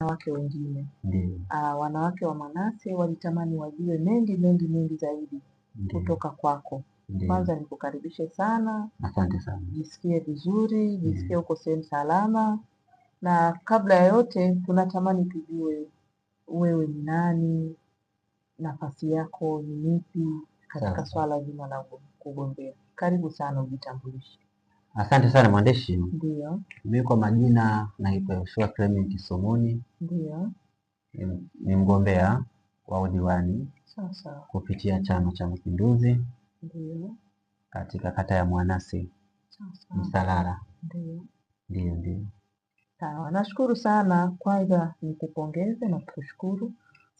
wanawake wengine mm. Uh, wanawake wa Manase walitamani wajue mengi mengi mengi zaidi mm. kutoka kwako mm. Kwanza nikukaribishe sana, asante sana, jisikie vizuri, jisikie uko sehemu salama, na kabla ya yote tunatamani tujue wewe ni nani, nafasi yako ni nipi katika swala zima la kugombea. Karibu sana, ujitambulishe. Asante sana mwandishi. Ndio. Mimi kwa majina naitwa Yoshua Clement Somoni. Ndio. Ni mgombea wa udiwani sasa kupitia Chama cha Mapinduzi. Ndio. Katika kata ya Mwanase Msalala. Ndio. Ndio, ndio. Sawa, nashukuru sana. Kwanza nikupongeze na kukushukuru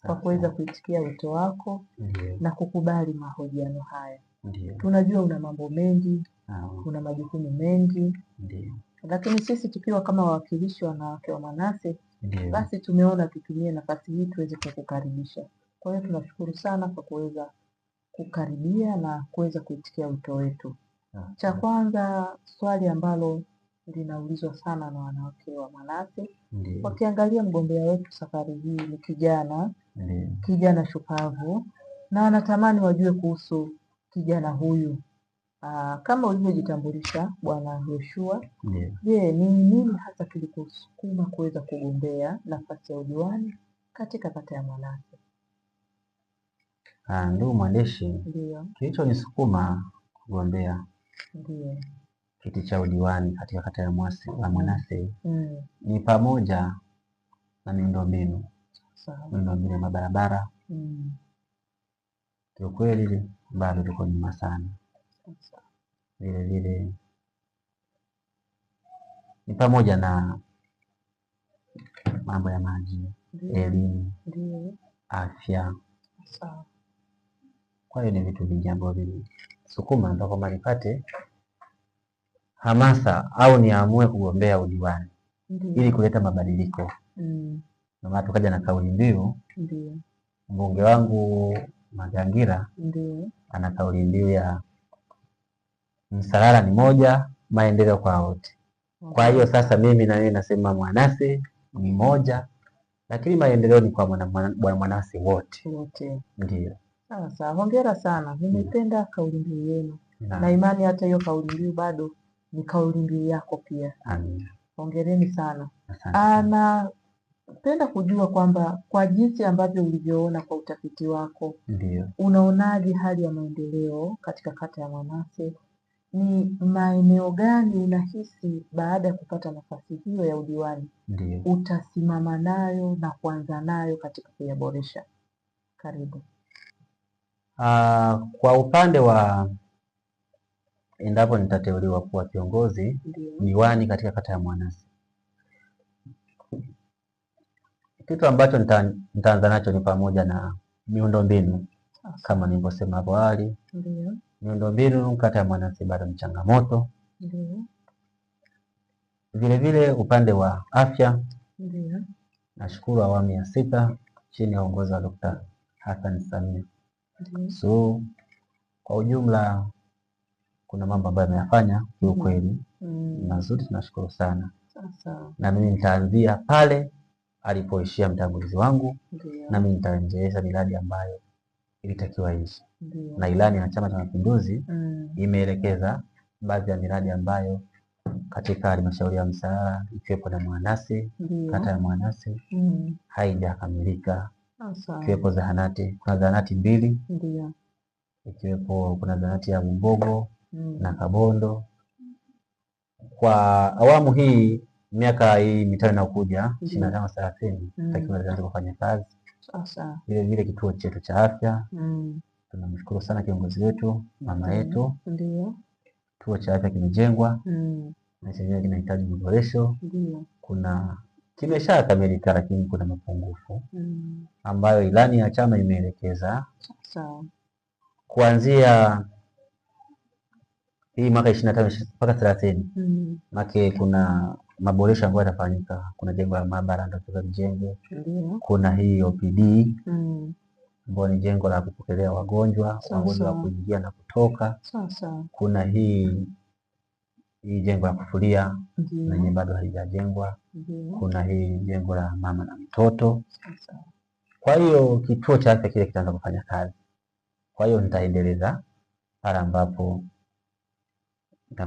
kwa kuweza kuitikia wito wako Ndiyo. na kukubali mahojiano haya. Ndiyo. Tunajua una mambo mengi kuna majukumu mengi Ndiyo. Lakini sisi tukiwa kama wawakilishi wanawake wa Manase Ndiyo. basi tumeona tutumie nafasi hii tuweze kukukaribisha. Kwa hiyo tunashukuru sana kwa kuweza kukaribia na kuweza kuitikia wito wetu. Cha kwanza, swali ambalo linaulizwa sana na wanawake wa Manase, wakiangalia mgombea wetu safari hii ni kijana Ndiyo. kijana shupavu, na wanatamani wajue kuhusu kijana huyu Aa, ah, kama ulivyojitambulisha Bwana Yoshua, yeah. ni nini hasa kilikusukuma kuweza kugombea nafasi ya udiwani katika kata ya Mwalase? Ah, ndugu mwandishi, kilichonisukuma kugombea ndio kiti cha udiwani katika kata ya Mwanase mm. ni pamoja na miundombinu miundombinu ya mabarabara mm. kiukweli bado liko nyuma sana vile vile ni pamoja na mambo ya maji, elimu, afya. Kwa hiyo ni vitu vingi ambavyo vilisukuma ndio kwamba nipate hamasa au niamue kugombea udiwani ili kuleta mabadiliko. Mm. Ndio maana tukaja na kauli mbiu. Mbunge wangu Magangira ana kauli mbiu ya msalala ni moja, maendeleo kwa wote. Kwa hiyo mm-hmm. sasa mimi na yeye nasema mwanasi ni moja, lakini maendeleo ni kwa mwanase wote wote. Ndio. Sawa sawa, hongera sana, mm. nimependa kauli mbiu yenu na imani hata hiyo kauli mbiu bado ni kauli mbiu yako pia. Amina. Hongereni sana. Ana penda kujua kwamba kwa jinsi ambavyo ulivyoona kwa utafiti wako, ndio unaonaje hali ya maendeleo katika kata ya Mwanase ni maeneo gani unahisi baada ya kupata nafasi hiyo ya udiwani Ndiyo. utasimama nayo na kuanza nayo katika kuyaboresha? Karibu. Uh, kwa upande wa endapo nitateuliwa kuwa kiongozi diwani katika kata ya Mwanasi, kitu ambacho nitaanza nacho ni pamoja na miundombinu kama nilivyosema hapo awali. Ndiyo miundombinu kata ya Mwanansi bado ni changamoto vilevile vile upande wa afya Nashukuru awamu ya sita chini ya uongozi wa Dr. Hassan Samia so kwa ujumla kuna mambo ambayo ameyafanya kiukweli mazuri, mm. tunashukuru sana Sasa. Na mimi nitaanzia pale alipoishia mtangulizi wangu Na mimi nitaendeleza miradi ambayo ilitakiwa ishi na ilani ya Chama cha Mapinduzi mm. imeelekeza baadhi ya miradi ambayo katika halmashauri ya Msalala ikiwepo na Mwanase Ndiyo. kata ya Mwanase mm. haijakamilika ikiwepo zahanati, kuna zahanati mbili Ndiyo. ikiwepo kuna zahanati ya Bumbogo mm. na Kabondo. Kwa awamu hii miaka hii mitano inayokuja ishirini na tano thelathini mm. takiwa zianze kufanya kazi vile vile kituo chetu cha afya mm. Tunamshukuru sana kiongozi wetu mama mm. yetu ndio. Kituo cha afya kimejengwa mm. na chenyewe kinahitaji maboresho, kuna kimesha kamilika lakini kuna mapungufu mm. ambayo ilani ya chama imeelekeza kuanzia hii mwaka ishirini na tano mpaka thelathini mm. make kuna maboresho ambayo yatafanyika. Kuna jengo la maabara ndotoka mjengo kuna hii OPD mm. ni jengo la kupokelea wagonjwa so, wagonjwa wa kuingia na kutoka so, so. kuna hii hii jengo la kufulia lenye bado halijajengwa. Kuna hii jengo la mama na mtoto. Kwa hiyo kituo cha afya kile kitaanza kufanya kazi. Kwa hiyo nitaendeleza pale ambapo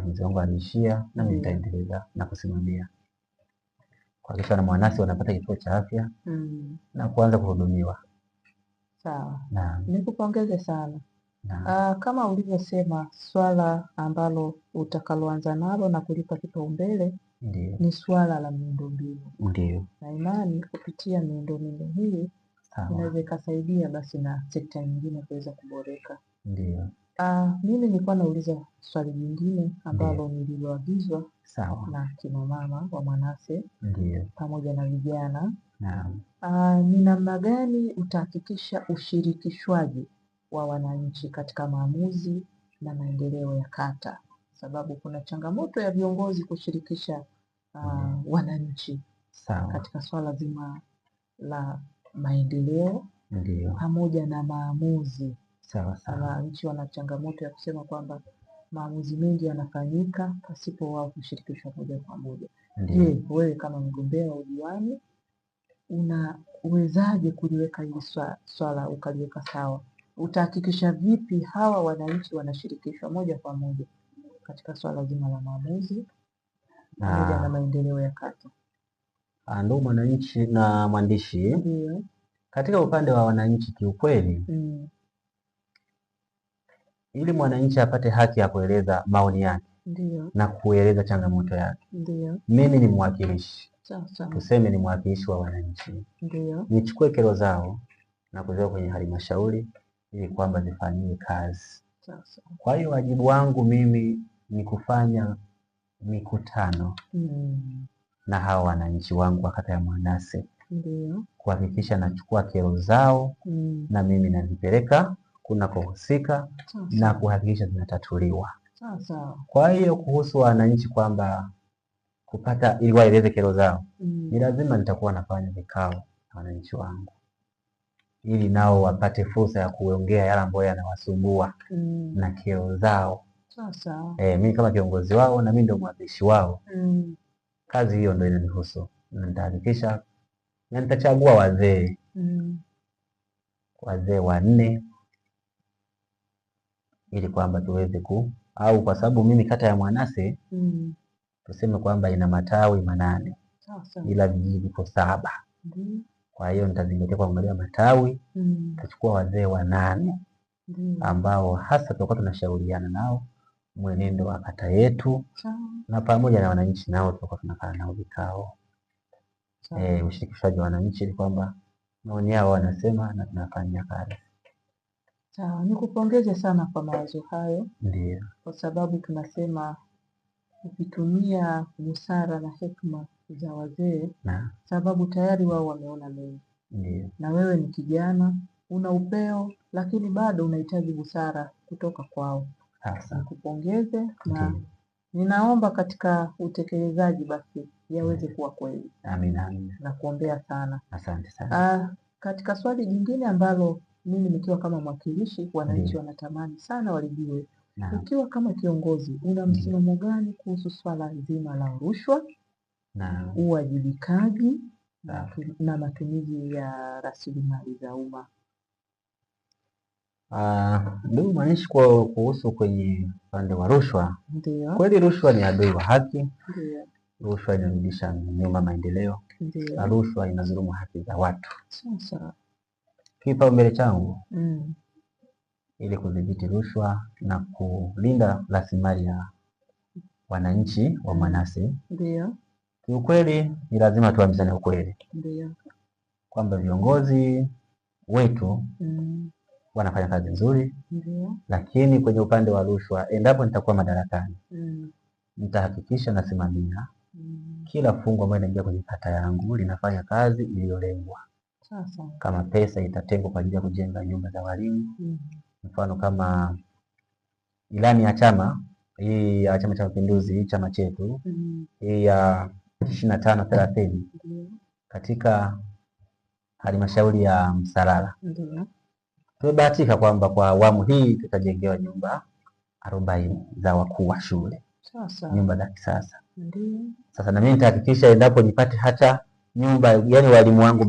mzee wangu aliishia, nami mm. nitaendeleza na kusimamia kuhakikisha na mwanasi wanapata kituo cha afya mm. na kuanza kuhudumiwa. Sawa, nikupongeze sana. Uh, kama ulivyosema swala ambalo utakaloanza nalo na kulipa kipaumbele ni swala la miundombinu. Ndio, na imani kupitia miundombinu hii inaweza ikasaidia basi na sekta nyingine kuweza kuboreka. Ndio. Ah, mimi nilikuwa nauliza swali jingine ambalo nililoagizwa na kina mama wamanase pamoja na vijana. Ah, ni namna gani utahakikisha ushirikishwaji wa wananchi katika maamuzi na maendeleo ya kata? Sababu kuna changamoto ya viongozi kushirikisha ah, wananchi katika swala zima la maendeleo pamoja na maamuzi wananchi wana changamoto ya kusema kwamba maamuzi mengi yanafanyika pasipo wao kushirikishwa moja kwa moja. Je, wewe kama mgombea wa udiwani unawezaje kuliweka hili swala ukaliweka sawa? Utahakikisha vipi hawa wananchi wanashirikishwa moja kwa moja katika swala zima la maamuzi pamoja ah. na maendeleo ya kata? Ah, ndugu mwananchi na mwandishi, katika upande wa wananchi kiukweli mm ili mwananchi apate haki ya kueleza maoni yake na kueleza changamoto yake. Mimi ni mwakilishi tuseme, ni mwakilishi wa wananchi, nichukue kero zao na kuziweka kwenye halmashauri ili kwamba zifanyie kazi. Kwa hiyo wajibu wangu mimi ni kufanya mikutano hmm. na hawa wananchi wangu wa kata ya Mwanase kuhakikisha nachukua kero zao hmm. na mimi nazipeleka kunakohusika na kuhakikisha zinatatuliwa. Kwa hiyo kuhusu wananchi kwamba kupata ili waeleze kero zao mm, ni lazima nitakuwa nafanya vikao na wananchi wangu ili nao wapate fursa ya kuongea yale ambayo yanawasumbua mm, na kero zao. E, mimi kama kiongozi wao na mimi ndio mwapishi wao mm, kazi hiyo ndio inanihusu na nitahakikisha na nitachagua wazee mm, wazee wanne ili kwamba tuweze ku au kwa sababu mimi kata ya Mwanase mm. tuseme kwamba ina matawi manane awesome. ila vijiji viko saba mm. kwa hiyo nitazingatia kuangalia matawi mm. tachukua wazee wanane mm. ambao hasa tutakuwa tunashauriana nao mwenendo wa kata yetu Chao. na pamoja na wananchi nao tutakuwa tunakaa nao vikao e, eh, ushirikishaji wa wananchi ni kwamba maoni yao wanasema na tunafanyia kazi. Sawa, nikupongeze sana kwa mawazo hayo. Ndiyo. Kwa sababu tunasema ukitumia busara na hekima za wazee, sababu tayari wao wameona mengi. Ndiyo. Na wewe ni kijana, una upeo, lakini bado unahitaji busara kutoka kwao. Nikupongeze na ninaomba katika utekelezaji basi yaweze kuwa kweli. Amina, amina. Na kuombea sana. Asante sana. Ah, katika swali jingine ambalo mimi nikiwa kama mwakilishi, wananchi mm. wanatamani sana walijue, ukiwa kama kiongozi una mm. msimamo gani kuhusu swala zima la rushwa, uwajibikaji na, na matumizi ya rasilimali za umma. Ndugu ah, mwandishi, kwa kuhusu kwenye upande wa rushwa, kweli rushwa ni adui wa haki. Ndiyo. Rushwa inarudisha nyuma maendeleo na rushwa inadhulumu haki za watu. Sasa kipaumbele changu mm. ili kudhibiti rushwa na kulinda rasilimali ya wananchi wa Mwanase. Ndio. Kiukweli ni lazima tuambizane ukweli. Ndio. Kwamba viongozi wetu mm. wanafanya kazi nzuri. Ndio. Lakini kwenye upande wa rushwa, endapo nitakuwa madarakani mm. nitahakikisha nasimamia mm. kila fungu ambalo linaingia kwenye kata yangu linafanya kazi iliyolengwa. Sasa. Kama pesa itatengwa kwa ajili ya kujenga nyumba za walimu mm. Mfano kama ilani ya chama hii ya Chama cha Mapinduzi, hii chama chetu mm. hii ya ishirini na tano thelathini katika halmashauri ya Msalala tumebahatika kwamba kwa awamu hii tutajengewa nyumba arobaini za wakuu wa shule sasa. nyumba za kisasa. Sasa na mimi nitahakikisha endapo nipate hata nyumba, yani walimu wangu